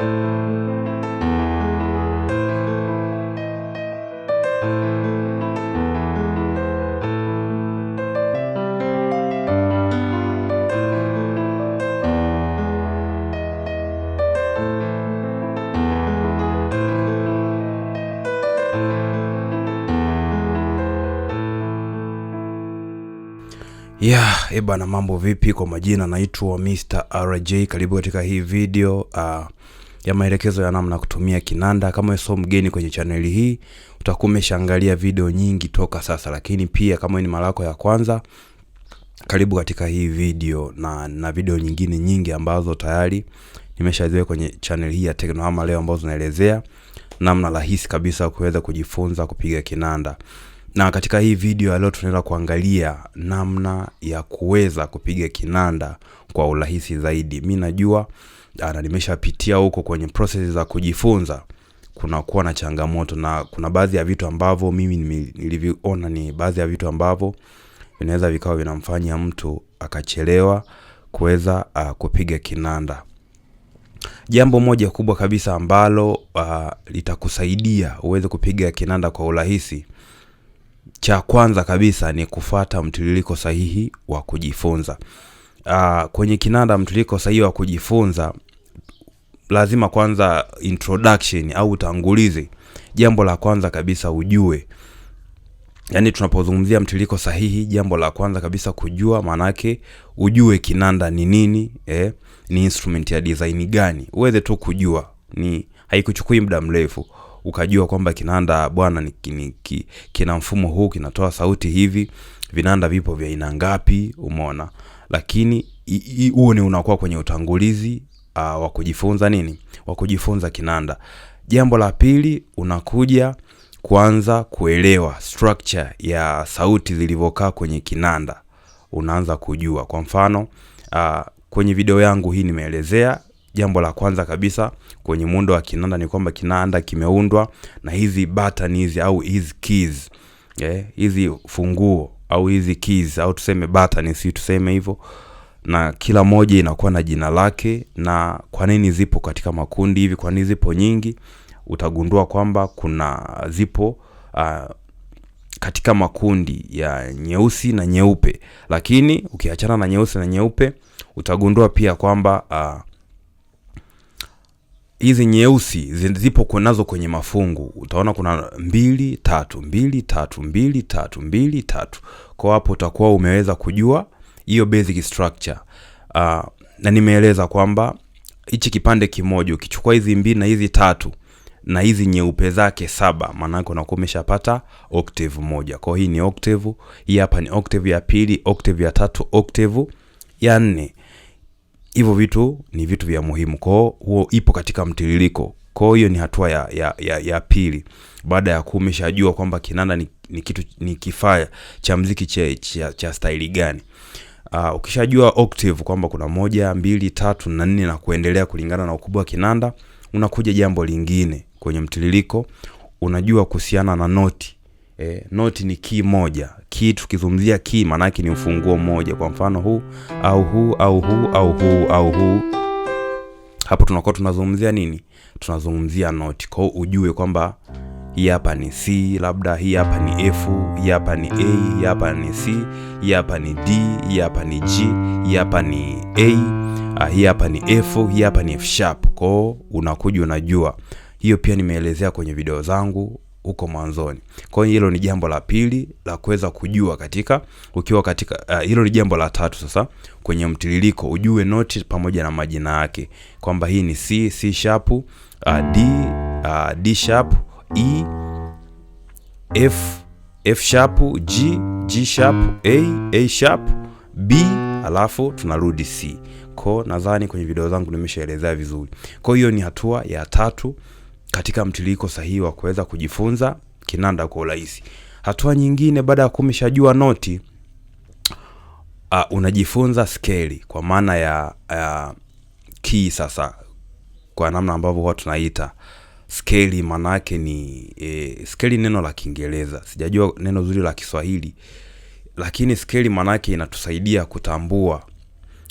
Yeah, ebana mambo vipi? Kwa majina naitwa Mr. RJ, karibu katika hii video uh, ya maelekezo ya namna kutumia kinanda. Kama sio mgeni kwenye chaneli hii, utakuwa umeshaangalia video nyingi toka sasa, lakini pia kama ni mara yako ya kwanza, karibu katika hii video na na video nyingine nyingi ambazo tayari nimeshaziweka kwenye chaneli hii ya Teknohama leo, ambazo zinaelezea namna rahisi kabisa kuweza kujifunza kupiga kinanda na katika hii video ya leo tunaenda kuangalia namna ya kuweza kupiga kinanda kwa urahisi zaidi. Mi najua Ah, na nimeshapitia huko kwenye process za kujifunza, kunakuwa na changamoto na kuna baadhi ya vitu ambavyo mimi nilivyoona ni baadhi ya vitu ambavyo vinaweza vikawa vinamfanya mtu akachelewa kuweza uh, kupiga kinanda. Jambo moja kubwa kabisa ambalo uh, litakusaidia uweze kupiga kinanda kwa urahisi, cha kwanza kabisa ni kufata mtiririko sahihi wa kujifunza uh, kwenye kinanda mtuliko sahihi wa kujifunza, lazima kwanza introduction au utangulizi. Jambo la kwanza kabisa ujue, yaani tunapozungumzia mtiliko sahihi, jambo la kwanza kabisa kujua, maanake ujue kinanda ni nini eh, ni instrument ya design gani, uweze tu kujua, ni haikuchukui muda mrefu ukajua kwamba kinanda bwana ni, kina mfumo huu kinatoa sauti hivi, vinanda vipo vya aina ngapi, umeona. Lakini huo ni unakuwa kwenye utangulizi uh, wa kujifunza nini, wa kujifunza kinanda. Jambo la pili unakuja kuanza kuelewa structure ya sauti zilivyokaa kwenye kinanda, unaanza kujua. Kwa mfano uh, kwenye video yangu hii nimeelezea Jambo la kwanza kabisa kwenye muundo wa kinanda ni kwamba kinanda kimeundwa na hizi button hizi au hizi keys eh, hizi funguo au hizi keys au tuseme button, si tuseme hivyo, na kila moja inakuwa na jina lake na kwa nini zipo katika makundi hivi, kwa nini zipo nyingi. Utagundua kwamba kuna zipo uh, katika makundi ya nyeusi na nyeupe, lakini ukiachana na nyeusi na nyeupe utagundua pia kwamba uh, hizi nyeusi zipo nazo kwenye mafungu, utaona kuna mbili tatu mbili tatu mbili tatu mbili tatu. Kwa hapo utakuwa umeweza kujua hiyo basic structure. Uh, na nimeeleza kwamba hichi kipande kimoja ukichukua hizi mbili na hizi tatu na hizi nyeupe zake saba, maana yake unakuwa umeshapata octave moja. Kwa hii ni octave, hii hapa ni octave ya pili, octave ya tatu, octave ya nne hivyo vitu ni vitu vya muhimu. Kwa huo ipo katika mtiririko. Kwa hiyo ni hatua ya, ya, ya, ya pili baada ya kuwa umeshajua kwamba kinanda ni, ni kitu ni kifaa cha mziki cha, cha, cha staili gani. Uh, ukishajua octave kwamba kuna moja, mbili, tatu na nne na kuendelea kulingana na ukubwa wa kinanda, unakuja jambo lingine kwenye mtiririko, unajua kuhusiana na noti E, noti ni key moja. Key tukizungumzia key maanake ni ufunguo mmoja, kwa mfano huu au huu au huu au huu au huu. Hapo tunakuwa tunazungumzia nini? Tunazungumzia noti. Kwa hiyo ujue kwamba hii hapa ni C, labda hii hapa ni F, hii hapa ni A, hii hapa ni C, hii hapa ni D, hii hapa ni G, hii hapa ni A, ah, hii hapa ni F, hii hapa ni F sharp. Kwao unakuja unajua. Hiyo pia nimeelezea kwenye video zangu huko mwanzoni. Kwa hiyo hilo ni jambo la pili la kuweza kujua katika ukiwa katika eh, hilo, ni jambo la tatu sasa kwenye mtiririko, ujue noti pamoja na majina yake kwamba hii ni C, C sharp, uh, D, uh, D sharp, E, F, F sharp, G, G sharp, A, A sharp, B alafu tunarudi C. Kwa nadhani kwenye video zangu nimeshaelezea vizuri. Kwa hiyo ni hatua ya tatu katika mtiririko sahihi wa kuweza kujifunza kinanda kwa urahisi. Hatua nyingine baada ya kumeshajua noti uh, unajifunza skeli kwa maana ya uh, key sasa kwa namna ambavyo huwa tunaita skeli maana yake ni eh, e, skeli neno la Kiingereza, sijajua neno zuri la Kiswahili, lakini skeli maana yake inatusaidia kutambua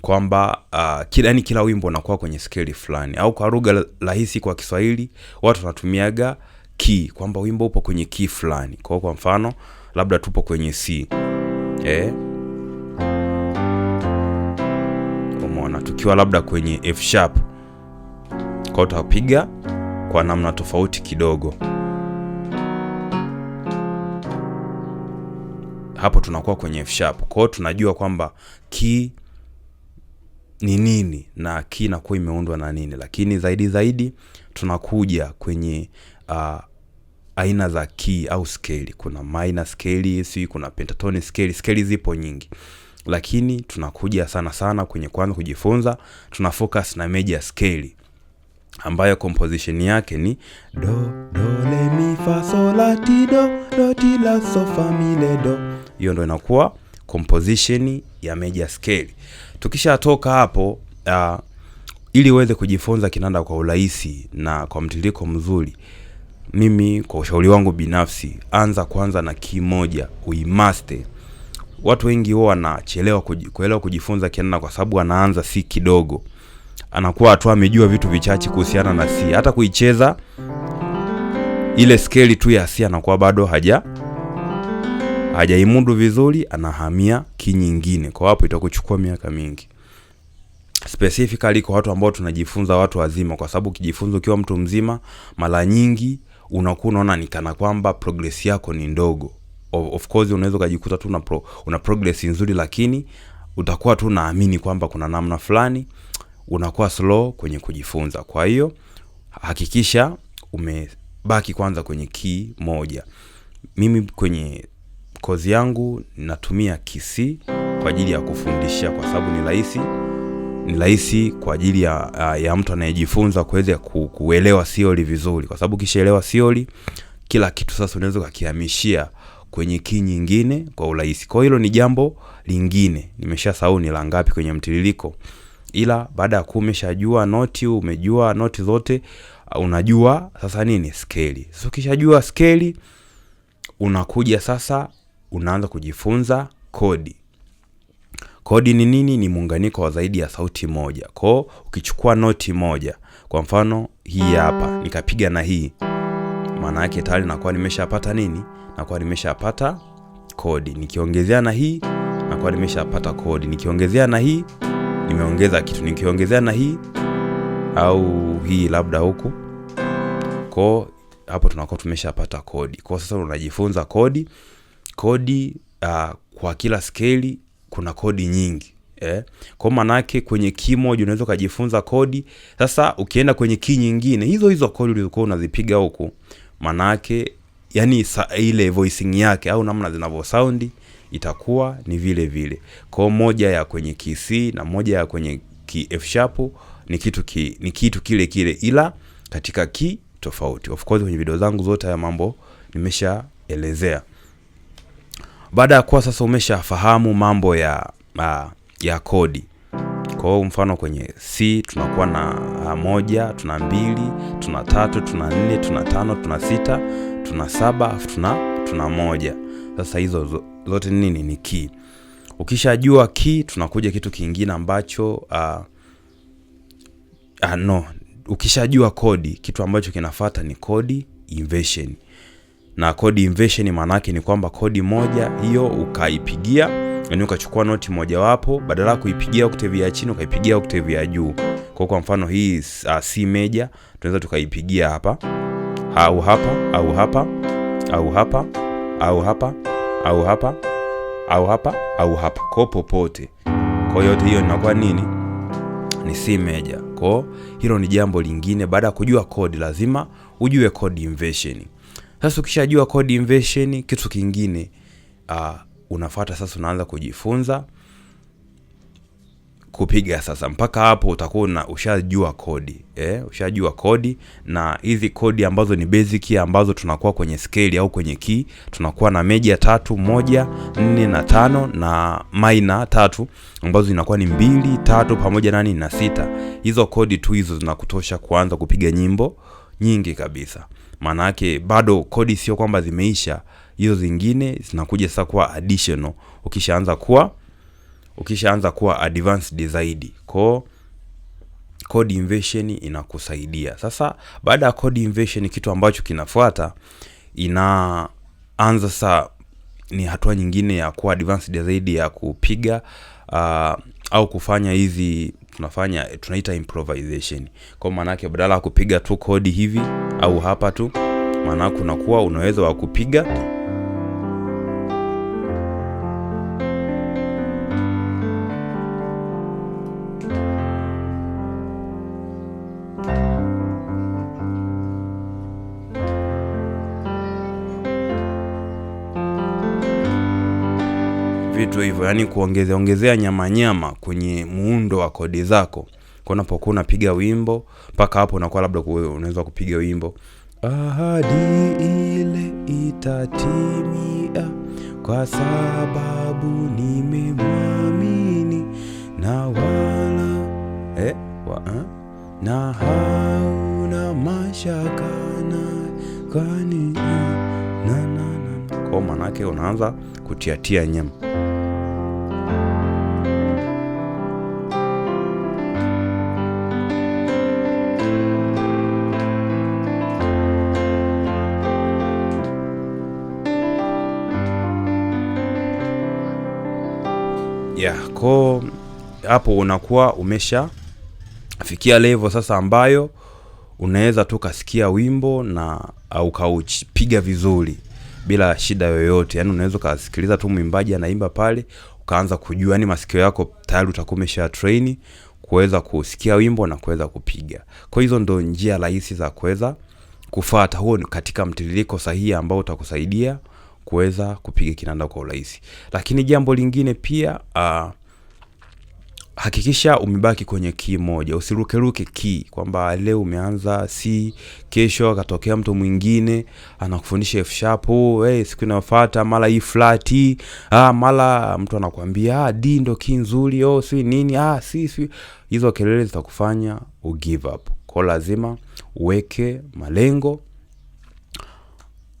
kwamba uh, ah, kila, yani kila wimbo unakuwa kwenye skeli fulani, au kwa lugha rahisi kwa Kiswahili watu wanatumiaga k kwamba wimbo upo kwenye k fulani. Kwa kwa mfano labda tupo kwenye C eh, umeona, tukiwa labda kwenye F sharp, kwa utapiga kwa namna tofauti kidogo hapo tunakuwa kwenye F sharp. Kwa hiyo tunajua kwamba key ni nini na kii inakuwa imeundwa na nini, lakini zaidi zaidi tunakuja kwenye uh, aina za kii au skeli. Kuna minor skeli si kuna pentatoni skeli skeli zipo nyingi, lakini tunakuja sana sana kwenye kwanza kujifunza, tuna focus na major scale ambayo composition yake ni do do le mi fa so la ti do do ti la so fa mi le do. Hiyo ndo inakuwa composition ya major scale. Tukishatoka hapo uh, ili uweze kujifunza kinanda kwa urahisi na kwa mtiririko mzuri, mimi kwa ushauri wangu binafsi, anza kwanza na key moja uimaste Watu wengi huwa wanachelewa kuelewa kujifunza kinanda kwa sababu anaanza si kidogo, anakuwa tu amejua vitu vichache kuhusiana na si, hata kuicheza ile scale tu ya si anakuwa bado haja hajaimudu vizuri, anahamia kinyingine. Kwa hapo itakuchukua miaka mingi specifically kwa watu ambao tunajifunza watu wazima, kwa sababu ukijifunza ukiwa mtu mzima, mara nyingi unakuwa unaona ni kana kwamba progress yako ni ndogo. Of course unaweza ukajikuta tu una, pro, una progress nzuri, lakini utakuwa tu naamini kwamba kuna namna fulani unakuwa slow kwenye kujifunza. Kwa hiyo hakikisha umebaki kwanza kwenye kii moja. Mimi kwenye kozi yangu natumia kc kwa ajili ya kufundishia kwa sababu ni rahisi, ni rahisi kwa ajili ya, eh, ya mtu anayejifunza kuweza kuelewa sioli vizuri, kwa sababu ukishaelewa sioli kila kitu sasa unaweza ukakihamishia kwenye kii nyingine kwa urahisi. Kwa hilo ni jambo lingine, sahau ni la ngapi kwenye mtiririko, ila baada ya kuwa umeshajua noti, umejua noti zote, uh, unajua sasa nini skeli. So ukishajua skeli unakuja sasa unaanza kujifunza kodi. Kodi ni nini? Ni muunganiko wa zaidi ya sauti moja. Kwa ukichukua noti moja, kwa mfano hii hapa, nikapiga na hii, maana yake tayari nakuwa nimeshapata nini? Nakuwa nimeshapata kodi. Nikiongezea na hii, nakuwa nimeshapata kodi. Nikiongezea na hii, nimeongeza kitu. Nikiongezea na hii au hii labda huku, kwa hapo tunakuwa tumeshapata kodi. Kwa sasa unajifunza kodi kodi uh, kwa kila skeli kuna kodi nyingi eh? Kwa maanake kwenye key moja unaweza ukajifunza kodi. Sasa ukienda kwenye key nyingine, hizo hizo kodi ulizokuwa unazipiga huku, maanake yani sa, ile voicing yake au namna zinavyo sound itakuwa ni vile vile. Kwa moja ya kwenye kc na moja ya kwenye key F sharp ni kitu ki, ni kitu kile kile ila katika ki tofauti. Of course kwenye video zangu zote haya mambo nimeshaelezea baada ya kuwa sasa umeshafahamu mambo ya, ya, ah, ya kodi. Kwa hiyo mfano kwenye C tunakuwa na ah, moja, tuna mbili, tuna tatu, tuna nne, tuna tano, tuna sita, tuna saba, tuna tuna moja. Sasa hizo zote nini ni ki Ukishajua ki tunakuja kitu kingine ambacho uh, uh, no, ukishajua kodi, kitu ambacho kinafata ni kodi inversion na kodi inversion maana ni kwamba kodi moja hiyo ukaipigia, yani ukachukua noti mojawapo badala ya kuipigia octave ya chini ukaipigia octave ya juu. Kwa kwa mfano hii uh, C major tunaweza tukaipigia hapa au hapa au hapa au hapa au hapa au hapa au hapa au hapa, kwa popote. Kwa yote hiyo inakuwa nini? Ni C major. Kwa hilo ni jambo lingine. Baada ya kujua kodi, lazima ujue kodi inversion. Sasa ukishajua code inversion, kitu kingine uh, unafuata sasa, unaanza kujifunza kupiga sasa. Mpaka hapo utakuwa ushajua kodi eh, ushajua kodi na hizi kodi ambazo ni basic, ambazo tunakuwa kwenye scale au kwenye key, tunakuwa na meja tatu, moja, nne na tano na minor tatu, ambazo zinakuwa ni mbili, tatu pamoja nani na sita. Hizo kodi tu hizo zinakutosha kuanza kupiga nyimbo nyingi kabisa maana yake bado kodi sio kwamba zimeisha, hizo zingine zinakuja sasa kuwa additional ukishaanza kuwa ukishaanza kuwa advanced zaidi. Kwa code inversion inakusaidia sasa. Baada ya code inversion, kitu ambacho kinafuata inaanza sasa ni hatua nyingine ya kuwa advanced zaidi ya kupiga uh, au kufanya hizi tunafanya tunaita improvisation. Kwa maana yake badala ya kupiga tu kodi hivi au hapa tu, maana kuwa unaweza wa kupiga vizuri tu hivyo, yani kuongezea ongezea nyama nyama kwenye muundo wa kodi zako. Kwa unapokuwa unapiga wimbo mpaka hapo unakuwa labda unaweza kupiga wimbo ahadi ile itatimia, kwa sababu nimemwamini na wala eh, wa, eh, na hauna mashaka na kwani na, na, na. Kwa maanake unaanza kutiatia nyama. yeah, ko hapo unakuwa umeshafikia level sasa ambayo unaweza tu ukasikia wimbo na ukaupiga vizuri bila shida yoyote, yani unaweza ukasikiliza tu mwimbaji anaimba pale ukaanza kujua, yani masikio yako tayari utakuwa umesha train kuweza kusikia wimbo na kuweza kupiga. Kwa hizo ndo njia rahisi za kuweza kufata, huo katika mtiririko sahihi ambao utakusaidia kuweza kupiga kinanda kwa urahisi. Lakini jambo lingine pia uh, hakikisha umebaki kwenye kii moja, usirukeruke ki kwamba leo umeanza C, kesho akatokea mtu mwingine anakufundisha F sharp, hey, siku inayofuata mara E flat, ah, mara mtu anakuambia ah, D ndo kii nzuri, oh, si nini, ah, si si. Hizo kelele zitakufanya u give up. Kwa lazima uweke malengo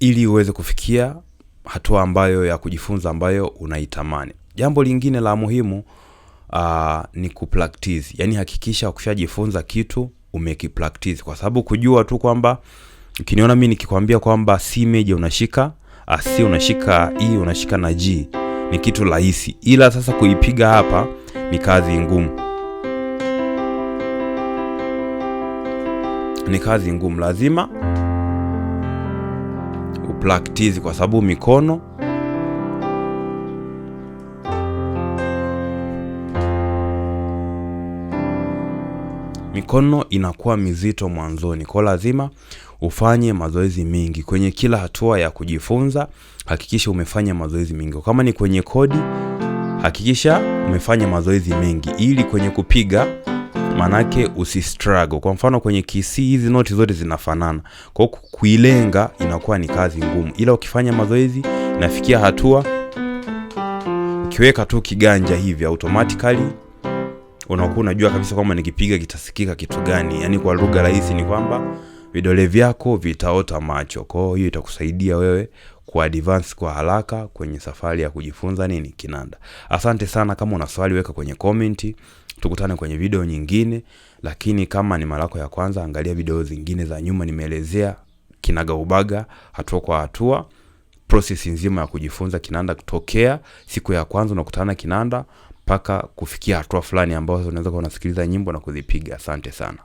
ili uweze kufikia hatua ambayo ya kujifunza ambayo unaitamani. Jambo lingine la muhimu uh, ni kupractice, yaani hakikisha ukishajifunza kitu umekipractice, kwa sababu kujua tu kwamba ukiniona mimi nikikwambia kwamba C major unashika ah, C unashika E unashika na G ni kitu rahisi, ila sasa kuipiga hapa ni kazi ngumu, ni kazi ngumu lazima kupractice kwa sababu mikono mikono inakuwa mizito mwanzoni, kwa lazima ufanye mazoezi mengi kwenye kila hatua ya kujifunza. Hakikisha umefanya mazoezi mengi. Kama ni kwenye kodi, hakikisha umefanya mazoezi mengi, ili kwenye kupiga Manake usistruggle. Kwa mfano kwenye KC hizi noti zote zinafanana, kwa hiyo kuilenga inakuwa ni kazi ngumu, ila ukifanya mazoezi nafikia hatua ukiweka tu kiganja hivi automatically unakuwa unajua kabisa kwamba nikipiga kitasikika kitu gani. Yani kwa lugha rahisi ni kwamba vidole vyako vitaota macho. Kwa hiyo itakusaidia wewe ku advance kwa haraka kwenye safari ya kujifunza nini kinanda. Asante sana, kama una swali weka kwenye comment. Tukutane kwenye video nyingine, lakini kama ni mara yako ya kwanza, angalia video zingine za nyuma, nimeelezea kinagaubaga hatua kwa hatua process nzima ya kujifunza kinanda kutokea siku ya kwanza unakutana kinanda mpaka kufikia hatua fulani ambazo unaweza kuwa unasikiliza nyimbo na kuzipiga. Asante sana.